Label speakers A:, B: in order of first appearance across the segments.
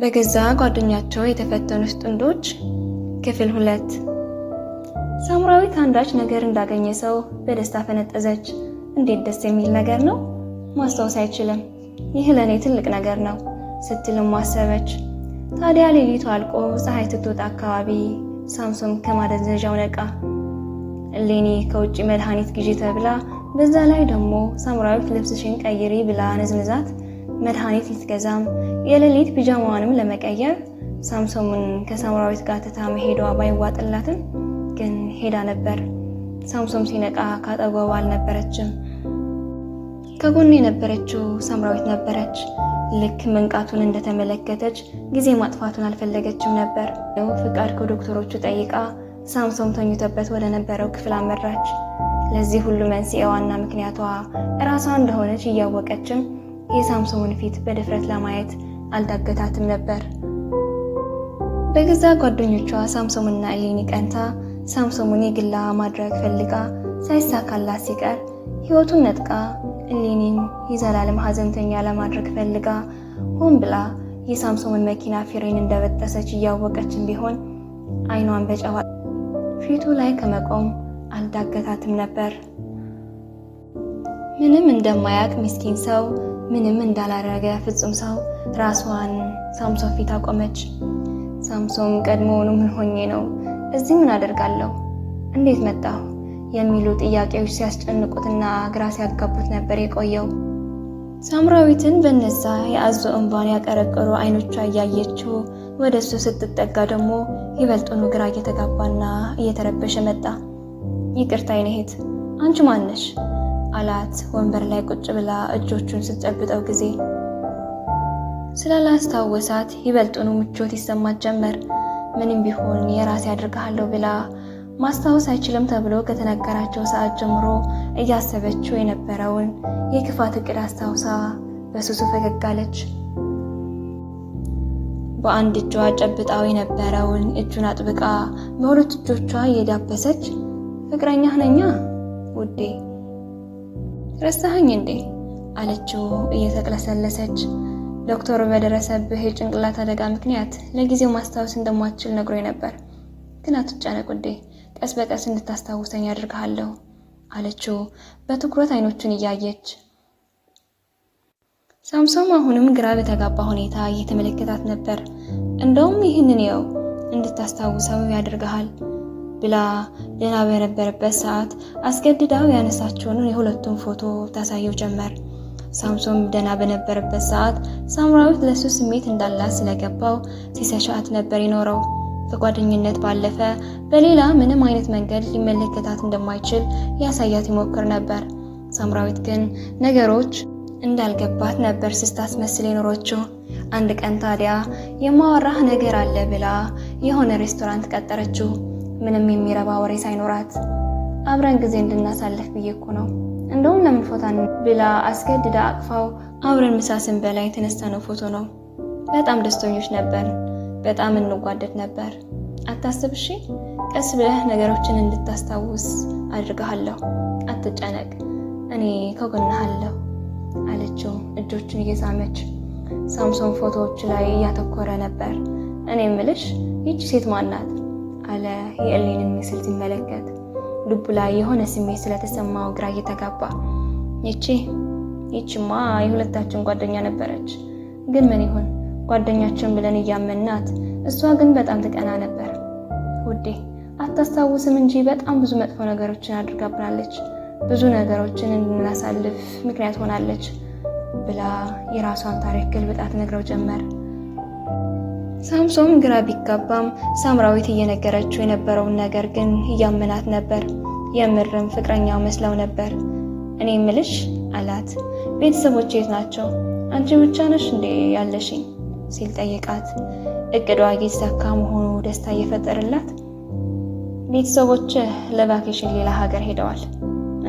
A: በገዛ ጓደኛቸው የተፈተኑት ጥንዶች ክፍል ሁለት። ሳሙራዊት አንዳች ነገር እንዳገኘ ሰው በደስታ ፈነጠዘች። እንዴት ደስ የሚል ነገር ነው! ማስታወስ አይችልም። ይህ ለእኔ ትልቅ ነገር ነው ስትልም አሰበች። ታዲያ ሌሊቱ አልቆ ፀሐይ ትትወጣ አካባቢ ሳምሶን ከማደንዘዣው ነቃ። እሌኒ ከውጭ መድኃኒት ግዢ ተብላ በዛ ላይ ደግሞ ሳሙራዊት ልብስሽን ቀይሪ ብላ ነዝንዛት መድኃኒት ልትገዛም የሌሊት ፒጃማዋንም ለመቀየር ሳምሶምን ከሳምራዊት ጋር ትታ መሄዷ ባይዋጥላትም ግን ሄዳ ነበር። ሳምሶም ሲነቃ ካጠገቡ አልነበረችም። ከጎኑ የነበረችው ሳምራዊት ነበረች። ልክ መንቃቱን እንደተመለከተች ጊዜ ማጥፋቱን አልፈለገችም ነበር። ፍቃድ ከዶክተሮቹ ጠይቃ ሳምሶም ተኝቶበት ወደ ነበረው ክፍል አመራች። ለዚህ ሁሉ መንስኤዋና ምክንያቷ እራሷ እንደሆነች እያወቀችም የሳምሶንን ፊት በድፍረት ለማየት አልዳገታትም ነበር። በገዛ ጓደኞቿ ሳምሶምና ኤሊኒ ቀንታ ሳምሶንን የግላ ማድረግ ፈልጋ ሳይሳካላት ሲቀር ህይወቱን ነጥቃ እሌኒን የዘላለም ሀዘንተኛ ለማድረግ ፈልጋ ሆን ብላ የሳምሶንን መኪና ፊሬን እንደበጠሰች እያወቀችን ቢሆን አይኗን በጨዋ ፊቱ ላይ ከመቆም አልዳገታትም ነበር። ምንም እንደማያውቅ ምስኪን ሰው ምንም እንዳላደረገ ፍጹም ሰው ራሷን ሳምሶን ፊት አቆመች። ሳምሶን ቀድሞውኑ ምን ሆኜ ነው እዚህ ምን አደርጋለሁ እንዴት መጣሁ የሚሉ ጥያቄዎች ሲያስጨንቁትና ግራ ሲያጋቡት ነበር የቆየው። ሳምራዊትን በነዛ የአዞ እንባን ያቀረቀሩ አይኖቿ እያየችው ወደ እሱ ስትጠጋ ደግሞ ይበልጡኑ ግራ እየተጋባና እየተረበሸ መጣ። ይቅርታ አይነሄት አንቺ ማነሽ? አላት ወንበር ላይ ቁጭ ብላ እጆቹን ስትጨብጠው ጊዜ ስላላስታወሳት ይበልጡኑ ምቾት ይሰማት ጀመር። ምንም ቢሆን የራሴ አድርግሃለሁ ብላ ማስታወስ አይችልም ተብሎ ከተነገራቸው ሰዓት ጀምሮ እያሰበችው የነበረውን የክፋት እቅድ አስታውሳ በሱሱ ፈገግ አለች። በአንድ እጇ ጨብጣው የነበረውን እጁን አጥብቃ በሁለት እጆቿ እየዳበሰች ፍቅረኛ ነኛ ውዴ ረሳኸኝ እንዴ አለችው እየተቅለሰለሰች። ዶክተሩ በደረሰብህ የጭንቅላት አደጋ ምክንያት ለጊዜው ማስታወስ እንደማትችል ነግሮኝ ነበር። ግን አትጨነቅ ውዴ፣ ቀስ በቀስ እንድታስታውሰኝ አድርግሃለሁ አለችው በትኩረት አይኖቹን እያየች። ሳምሶም አሁንም ግራ በተጋባ ሁኔታ እየተመለከታት ነበር። እንደውም ይህንን የው እንድታስታውሰው ያደርግሃል ብላ ሌላ በነበረበት ሰዓት አስገድዳው ያነሳቸውን የሁለቱም ፎቶ ታሳየው ጀመር። ሳምሶን ደና በነበረበት ሰዓት ሳምራዊት ለሱ ስሜት እንዳላት ስለገባው ሲሰሻት ነበር ይኖረው። በጓደኝነት ባለፈ በሌላ ምንም አይነት መንገድ ሊመለከታት እንደማይችል ያሳያት ይሞክር ነበር። ሳምራዊት ግን ነገሮች እንዳልገባት ነበር መስል የኖረችው። አንድ ቀን ታዲያ የማወራህ ነገር አለ ብላ የሆነ ሬስቶራንት ቀጠረችው። ምንም የሚረባ ወሬ ሳይኖራት አብረን ጊዜ እንድናሳልፍ ብዬ እኮ ነው። እንደውም ለምን ፎታን ብላ አስገድዳ አቅፋው አብረን ምሳ ስንበላ የተነሳነው ፎቶ ነው። በጣም ደስተኞች ነበር። በጣም እንጓደድ ነበር። አታስብ እሺ። ቀስ ብለህ ነገሮችን እንድታስታውስ አድርግሃለሁ። አትጨነቅ፣ እኔ ከጎንህ አለችው እጆቹን እየሳመች። ሳምሶን ፎቶዎች ላይ እያተኮረ ነበር። እኔ ምልሽ ይቺ ሴት ማን ናት? አለ የእሌንን ምስል ሲመለከት። ልቡ ላይ የሆነ ስሜት ስለተሰማው ግራ እየተጋባ ይቺ ይቺማ የሁለታችን ጓደኛ ነበረች፣ ግን ምን ይሁን ጓደኛችን ብለን እያመናት፣ እሷ ግን በጣም ትቀና ነበር። ውዴ አታስታውስም እንጂ በጣም ብዙ መጥፎ ነገሮችን አድርጋብናለች፣ ብዙ ነገሮችን እንድናሳልፍ ምክንያት ሆናለች ብላ የራሷን ታሪክ ገልብጣ ትነግረው ጀመር። ሳምሶም ግራ ቢጋባም ሳምራዊት እየነገረችው የነበረውን ነገር ግን እያመናት ነበር። የምርም ፍቅረኛው መስለው ነበር። እኔ ምልሽ አላት። ቤተሰቦች የት ናቸው? አንቺ ብቻ ነሽ እንዴ ያለሽኝ? ሲል ጠየቃት። እቅዷ እየተሳካ መሆኑ ደስታ እየፈጠረላት፣ ቤተሰቦች ለቫኬሽን ሌላ ሀገር ሄደዋል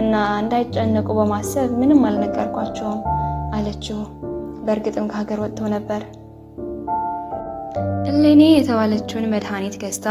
A: እና እንዳይጨነቁ በማሰብ ምንም አልነገርኳቸውም አለችው። በእርግጥም ከሀገር ወጥተው ነበር። እሌኔ የተባለችውን መድኃኒት ገዝታ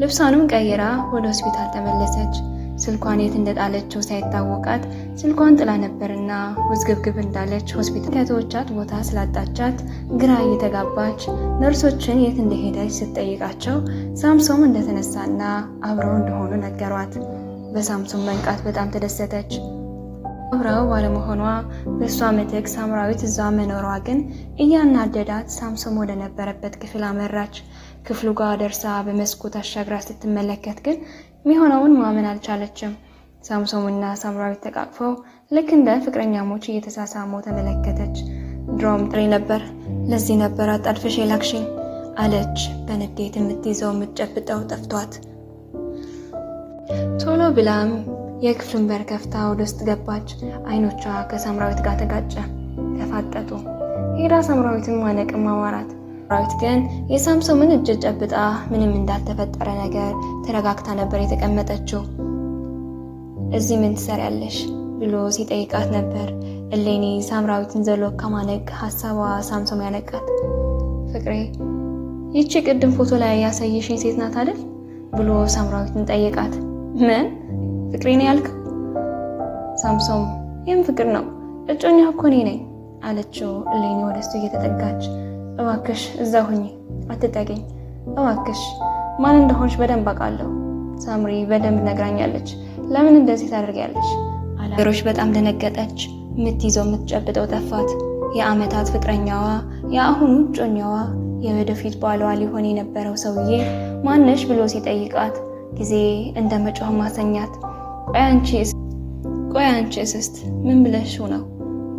A: ልብሷንም ቀይራ ወደ ሆስፒታል ተመለሰች። ስልኳን የት እንደጣለችው ሳይታወቃት ስልኳን ጥላ ነበርና ውዝግብግብ እንዳለች ሆስፒታል ከተወቻት ቦታ ስላጣቻት ግራ እየተጋባች ነርሶችን የት እንደሄደች ስትጠይቃቸው ሳምሶም እንደተነሳና አብረው እንደሆኑ ነገሯት። በሳምሶም መንቃት በጣም ተደሰተች። አብረው ባለመሆኗ በእሷ ምትክ ሳምራዊት እዛ መኖሯ ግን እያናደዳት ሳምሶም ወደነበረበት ክፍል አመራች። ክፍሉ ጋር ደርሳ በመስኮት አሻግራ ስትመለከት ግን የሚሆነውን ማመን አልቻለችም። ሳምሶምና ሳምራዊት ተቃቅፈው ልክ እንደ ፍቅረኛሞች እየተሳሳሙ ተመለከተች። ድሮም ጥሪ ነበር፣ ለዚህ ነበር አጣድፈሽ የላክሽኝ አለች። በንዴት የምትይዘው የምትጨብጠው ጠፍቷት ቶሎ ብላም የክፍሉን በር ከፍታ ወደ ውስጥ ገባች። አይኖቿ ከሰምራዊት ጋር ተጋጨ፣ ተፋጠጡ። ሄዳ ሰምራዊትን ማነቅም አማራት። ሰምራዊት ግን የሳምሶምን እጅ ጨብጣ ምንም እንዳልተፈጠረ ነገር ተረጋግታ ነበር የተቀመጠችው። እዚህ ምን ትሰሪያለሽ ብሎ ሲጠይቃት ነበር። እሌኒ ሳምራዊትን ዘሎ ከማነቅ ሀሳቧ ሳምሶም ያነቃት። ፍቅሬ ይቺ ቅድም ፎቶ ላይ ያሳየሽኝ ሴት ናት አይደል? ብሎ ሳምራዊትን ጠይቃት ምን ፍቅሬን ያልክ? ሳምሶም ይህም ፍቅር ነው፣ እጮኛ እኮ እኔ ነኝ አለችው። እሌኒ ወደ እየተጠጋች እባክሽ እዛ ሁኚ፣ አትጠቂኝ እባክሽ ማን እንደሆንሽ በደንብ አውቃለሁ። ሳምሪ በደንብ ነግራኛለች። ለምን እንደዚህ ታደርጊያለሽ? አገሮች በጣም ደነገጠች። የምትይዘው የምትጨብጠው ጠፋት። የአመታት ፍቅረኛዋ፣ የአሁኑ እጮኛዋ፣ የወደፊት ባሏ ሊሆን የነበረው ሰውዬ ማነሽ ብሎ ሲጠይቃት ጊዜ እንደ መጮህ ማሰኛት ቆይ አንቺ እስት ምን ብለሽው ነው?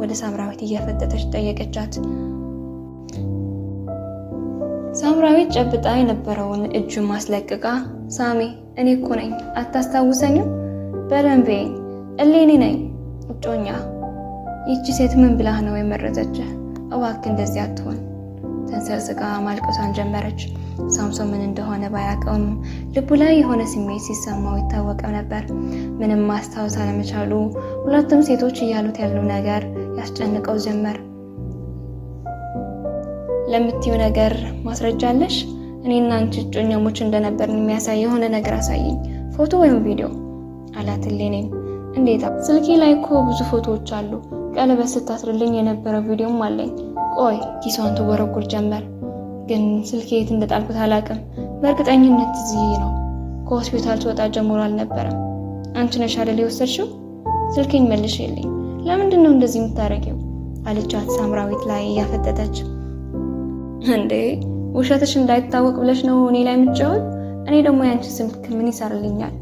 A: ወደ ሳምራዊት እየፈጠጠች ጠየቀቻት። ሳምራዊት ጨብጣ የነበረውን እጁን ማስለቅቃ፣ ሳሚ እኔ እኮ ነኝ አታስታውሰኝም? በደንብ እሌኔ ነኝ እጮኛ። ይቺ ሴት ምን ብላህ ነው የመረጠች እባክህ እንደዚህ አትሆን። ተንሰቅስቃ ማልቀሷን ጀመረች። ሳምሶን ምን እንደሆነ ባያውቀውም ልቡ ላይ የሆነ ስሜት ሲሰማው ይታወቀው ነበር። ምንም ማስታወስ አለመቻሉ፣ ሁለቱም ሴቶች እያሉት ያለው ነገር ያስጨንቀው ጀመር። ለምትዩ ነገር ማስረጃ አለሽ? እኔና አንቺ እጮኛሞች እንደነበር የሚያሳይ የሆነ ነገር አሳይኝ፣ ፎቶ ወይም ቪዲዮ አላት። ሌኔም እንዴት? ስልኬ ላይ እኮ ብዙ ፎቶዎች አሉ ቀለበት ስታስርልኝ የነበረው ቪዲዮም አለኝ። ቆይ ኪሷን ትወረጉር ጀመር። ግን ስልኬ የት እንደጣልኩት አላውቅም። በእርግጠኝነት እዚህ ነው። ከሆስፒታል ትወጣ ጀምሮ አልነበረም። አንቺ ነሽ አይደል የወሰድሽው? ስልኬን የለኝ። ለምንድን ነው እንደዚህ የምታደርጊው? አለቻት ሳምራዊት ላይ እያፈጠጠች። እንዴ ውሸትሽ እንዳይታወቅ ብለሽ ነው እኔ ላይ የምትጫወት? እኔ ደግሞ ያንቺ ስልክ ምን ይሰራልኛል?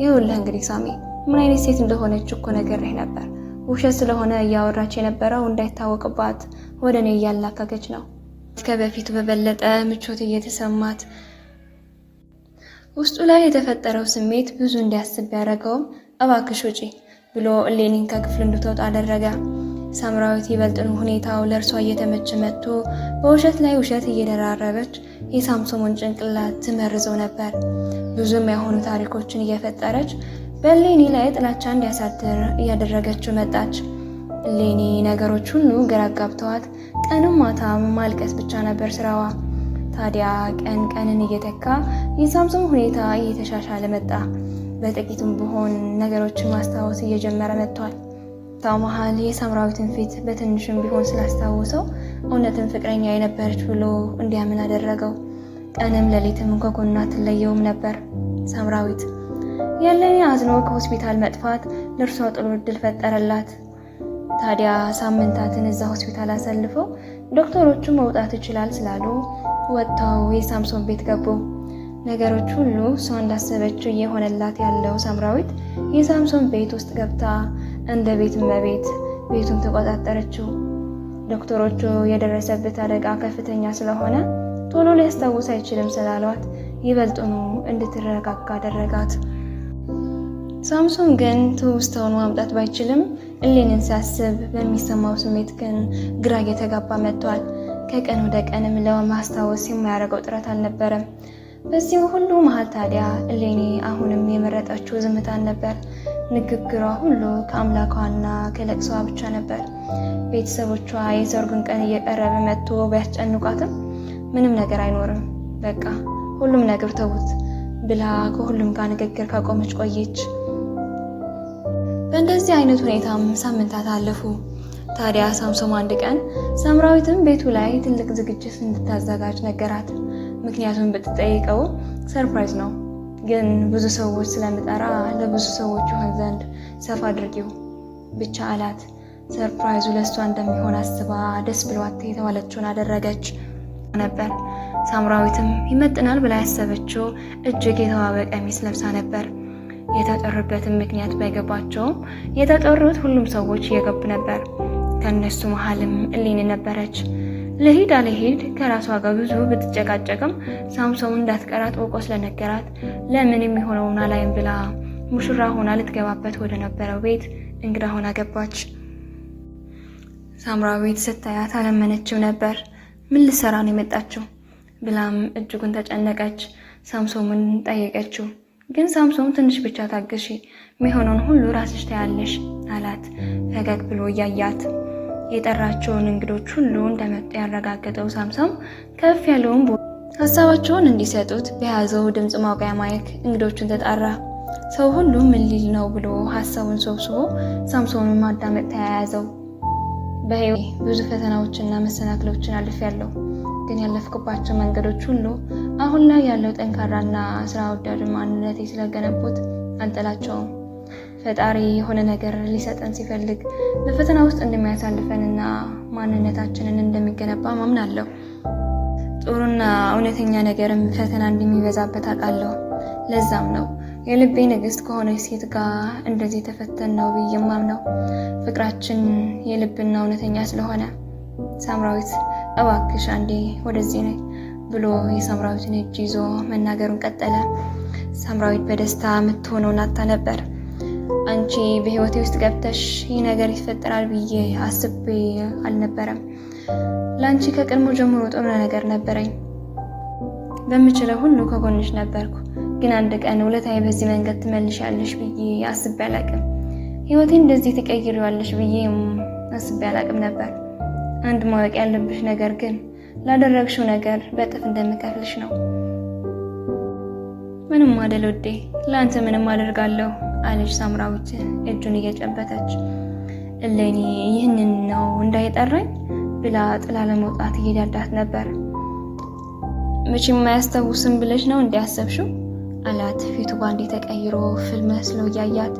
A: ይኸውልህ እንግዲህ ሳሜ ምን አይነት ሴት እንደሆነች እኮ ነገር ነበር ውሸት ስለሆነ እያወራች የነበረው እንዳይታወቅባት ወደ እኔ እያላከከች ነው። ከበፊቱ በበለጠ ምቾት እየተሰማት ውስጡ ላይ የተፈጠረው ስሜት ብዙ እንዲያስብ ያደረገውም እባክሽ ውጪ ብሎ ሌኒን ከክፍል እንድትወጣ አደረገ። ሳምራዊት ይበልጥን ሁኔታው ለእርሷ እየተመቸ መጥቶ በውሸት ላይ ውሸት እየደራረበች የሳምሶንን ጭንቅላት ትመርዘው ነበር። ብዙም ያሆኑ ታሪኮችን እየፈጠረች በሌኒ ላይ ጥላቻ እንዲያሳድር እያደረገችው መጣች። ሌኒ ነገሮች ሁሉ ግራ አጋብተዋት ቀንም ማታም ማልቀስ ብቻ ነበር ስራዋ። ታዲያ ቀን ቀንን እየተካ የሳምሶን ሁኔታ እየተሻሻለ መጣ። በጥቂቱም ቢሆን ነገሮችን ማስታወስ እየጀመረ መጥቷል። ታው መሀል የሳምራዊትን ፊት በትንሹም ቢሆን ስላስታወሰው እውነትን ፍቅረኛ የነበረች ብሎ እንዲያምን አደረገው። ቀንም ሌሊትም ከጎኗ አትለየውም ነበር ሳምራዊት የለኔ አዝኖ ከሆስፒታል መጥፋት ለእርሷ ጥሩ እድል ፈጠረላት። ታዲያ ሳምንታትን እዛ ሆስፒታል አሳልፈው ዶክተሮቹ መውጣት ይችላል ስላሉ ወጥተው የሳምሶን ቤት ገቡ። ነገሮች ሁሉ እሷ እንዳሰበችው እየሆነላት ያለው ሳምራዊት የሳምሶን ቤት ውስጥ ገብታ እንደ ቤት እመቤት ቤቱን ተቆጣጠረችው። ዶክተሮቹ የደረሰበት አደጋ ከፍተኛ ስለሆነ ቶሎ ሊያስታውስ አይችልም ስላሏት ይበልጡኑ እንድትረጋጋ አደረጋት። ሳምሶን ግን ትውስታውን ማምጣት ባይችልም እሌንን ሲያስብ በሚሰማው ስሜት ግን ግራ እየተጋባ መጥቷል። ከቀን ወደ ቀንም ለማስታወስ የማያደርገው ጥረት አልነበረም። በዚህ ሁሉ መሀል ታዲያ እሌኒ አሁንም የመረጠችው ዝምታን ነበር። ንግግሯ ሁሉ ከአምላኳና ከለቅሷ ብቻ ነበር። ቤተሰቦቿ የሰርጉን ቀን እየቀረበ መጥቶ ቢያስጨንቋትም ምንም ነገር አይኖርም፣ በቃ ሁሉም ነገር ተዉት ብላ ከሁሉም ጋር ንግግር ካቆመች ቆየች። በእንደዚህ አይነት ሁኔታም ሳምንታት አለፉ። ታዲያ ሳምሶም አንድ ቀን ሰምራዊትም ቤቱ ላይ ትልቅ ዝግጅት እንድታዘጋጅ ነገራት። ምክንያቱም ብትጠይቀው ሰርፕራይዝ ነው፣ ግን ብዙ ሰዎች ስለምጠራ ለብዙ ሰዎች ይሆን ዘንድ ሰፋ አድርጊው ብቻ አላት። ሰርፕራይዙ ለእሷ እንደሚሆን አስባ ደስ ብሏት የተባለችውን አደረገች ነበር። ሳምራዊትም ይመጥናል ብላ ያሰበችው እጅግ የተዋበ ቀሚስ ለብሳ ነበር። የተጠሩበትን ምክንያት ባይገባቸውም የተጠሩት ሁሉም ሰዎች እየገቡ ነበር። ከእነሱ መሀልም እሊን ነበረች። ልሂድ አልሂድ ከራሷ ጋር ብዙ ብትጨቃጨቅም ሳምሶን እንዳትቀራት ወቆ ስለነገራት ለምን የሚሆነውን አላይም ብላ ሙሽራ ሆና ልትገባበት ወደ ነበረው ቤት እንግዳ ሆና ገባች። ቤት ስታያት አለመነችም ነበር። ምን ልሰራ ነው የመጣችው ብላም እጅጉን ተጨነቀች። ሳምሶምን ጠየቀችው። ግን ሳምሶን ትንሽ ብቻ ታገሺ፣ የሚሆነውን ሁሉ ራስሽ ታያለሽ አላት። ፈገግ ብሎ እያያት የጠራቸውን እንግዶች ሁሉ እንደመጡ ያረጋገጠው ሳምሶን ከፍ ያለውን ሀሳባቸውን እንዲሰጡት በያዘው ድምፅ ማውቂያ ማይክ እንግዶቹን ተጣራ። ሰው ሁሉ ምን ሊል ነው ብሎ ሀሳቡን ሰብስቦ ሳምሶኑን ማዳመጥ ተያያዘው። በህይወቴ ብዙ ፈተናዎችና መሰናክሎችን አልፌያለሁ። ግን ያለፍኩባቸው መንገዶች ሁሉ አሁን ላይ ያለው ጠንካራና ስራ ወዳድ ማንነቴ ስለገነቡት አልጠላቸውም። ፈጣሪ የሆነ ነገር ሊሰጠን ሲፈልግ በፈተና ውስጥ እንደሚያሳልፈንና ማንነታችንን እንደሚገነባ ማምናለሁ። ጥሩና እውነተኛ ነገርም ፈተና እንደሚበዛበት አውቃለሁ። ለዛም ነው የልቤ ንግስት ከሆነች ሴት ጋር እንደዚህ የተፈተን ነው ብዬ ማምነው። ፍቅራችን የልብና እውነተኛ ስለሆነ ሳምራዊት እባክሽ አንዴ ወደዚህ ነ ብሎ የሳምራዊትን እጅ ይዞ መናገሩን ቀጠለ። ሳምራዊት በደስታ የምትሆነው ናታ ነበር። አንቺ በህይወቴ ውስጥ ገብተሽ ይህ ነገር ይፈጠራል ብዬ አስቤ አልነበረም። ለአንቺ ከቀድሞ ጀምሮ ጥሩ ነገር ነበረኝ። በምችለው ሁሉ ከጎንሽ ነበርኩ። ግን አንድ ቀን ውለታዬ በዚህ መንገድ ትመልሻለሽ ብዬ አስቤ አላቅም። ህይወቴ እንደዚህ ትቀይሪዋለሽ ብዬ አስቤ አላቅም ነበር አንድ ማወቅ ያለብሽ ነገር ግን ላደረግሽው ነገር በጥፍ እንደምከፍልሽ ነው። ምንም አደል ውዴ፣ ለአንተ ምንም አደርጋለሁ አለች ሳምራዊት እጁን እየጨበተች እሌኒ ይህንን ነው እንዳይጠራኝ ብላ ጥላ ለመውጣት እየዳዳት ነበር። መቼም አያስታውስም ብለሽ ነው እንዲያሰብሽው አላት ፊቱ ባንዴ ተቀይሮ ፍል መስሎ እያያት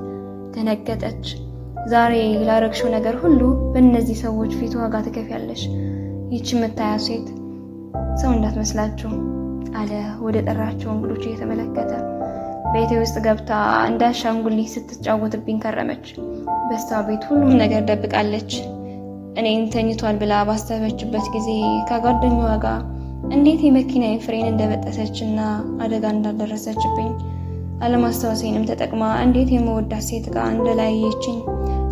A: ደነገጠች። ዛሬ ላረግሽው ነገር ሁሉ በእነዚህ ሰዎች ፊት ዋጋ ትከፍያለሽ። ይቺ የምታያ ሴት ሰው እንዳትመስላችሁ አለ ወደ ጠራቸው እንግዶች እየተመለከተ። ቤቴ ውስጥ ገብታ እንዳሻንጉሊት ስትጫወትብኝ ከረመች። በስተዋ ቤት ሁሉም ነገር ደብቃለች። እኔን ተኝቷል ብላ ባሰበችበት ጊዜ ከጓደኛዋ ጋር እንዴት የመኪና ፍሬን እንደበጠሰች እና አደጋ እንዳደረሰችብኝ አለማስታወሴንም ተጠቅማ እንዴት የመወዳት ሴት ጋር እንደላየችኝ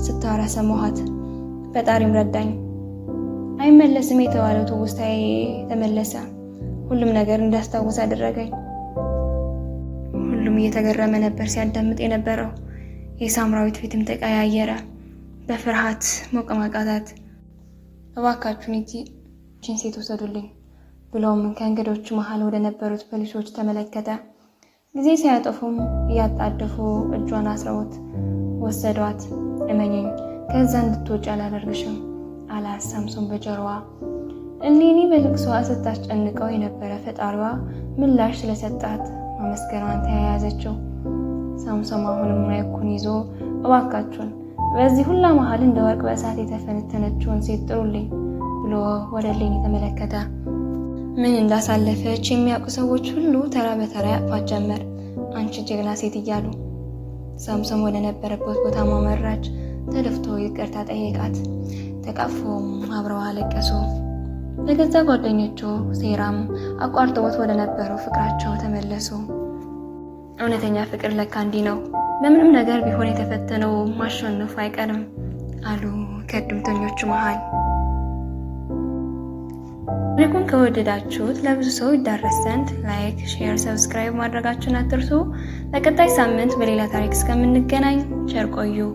A: ስታወራ ሰማኋት። ፈጣሪም ረዳኝ። አይመለስም የተባለው ትውስታዬ ተመለሰ። ሁሉም ነገር እንዳስታውስ አደረገኝ። ሁሉም እየተገረመ ነበር ሲያዳምጥ የነበረው። የሳምራዊት ፊትም ተቀያየረ። በፍርሃት ሞቀማቃታት። እባካችሁን ይቺን ሴት ውሰዱልኝ ብለውም ከእንግዶቹ መሀል ወደ ነበሩት ፖሊሶች ተመለከተ። ጊዜ ሳያጠፉም እያጣደፉ እጇን አስረውት ወሰዷት። እመኘኝ፣ ከዛ እንድትወጪ አላደርግሽም አላት ሳምሶን በጆሮዋ። እሌኒ በልቅሷ ስታስጨንቀው የነበረ ፈጣሪዋ ምላሽ ስለሰጣት ማመስገኗን ተያያዘችው። ሳምሶም አሁንም ማይኩን ይዞ እባካችሁን በዚህ ሁላ መሀል እንደ ወርቅ በእሳት የተፈነተነችውን ሴት ጥሩልኝ ብሎ ወደ እሌኒ ተመለከተ። ምን እንዳሳለፈች የሚያውቁ ሰዎች ሁሉ ተራ በተራ ያቅፋት ጀመር፣ አንቺ ጀግና ሴት እያሉ ሳምሶን ወደ ነበረበት ቦታ አመራች። ተደፍቶ ይቅርታ ጠየቃት። ተቃፎም አብረው አለቀሱ። በገዛ ጓደኞቹ ሴራም አቋርጠውት ወደ ነበረው ፍቅራቸው ተመለሱ። እውነተኛ ፍቅር ለካ እንዲህ ነው፣ በምንም ነገር ቢሆን የተፈተነው ማሸነፉ አይቀርም አሉ ከእድምተኞቹ መሃል ታሪኩን ከወደዳችሁት ለብዙ ሰው ይዳረስ ዘንድ ላይክ፣ ሼር፣ ሰብስክራይብ ማድረጋችሁን አትርሱ። ለቀጣይ ሳምንት በሌላ ታሪክ እስከምንገናኝ ቸር ቆዩ።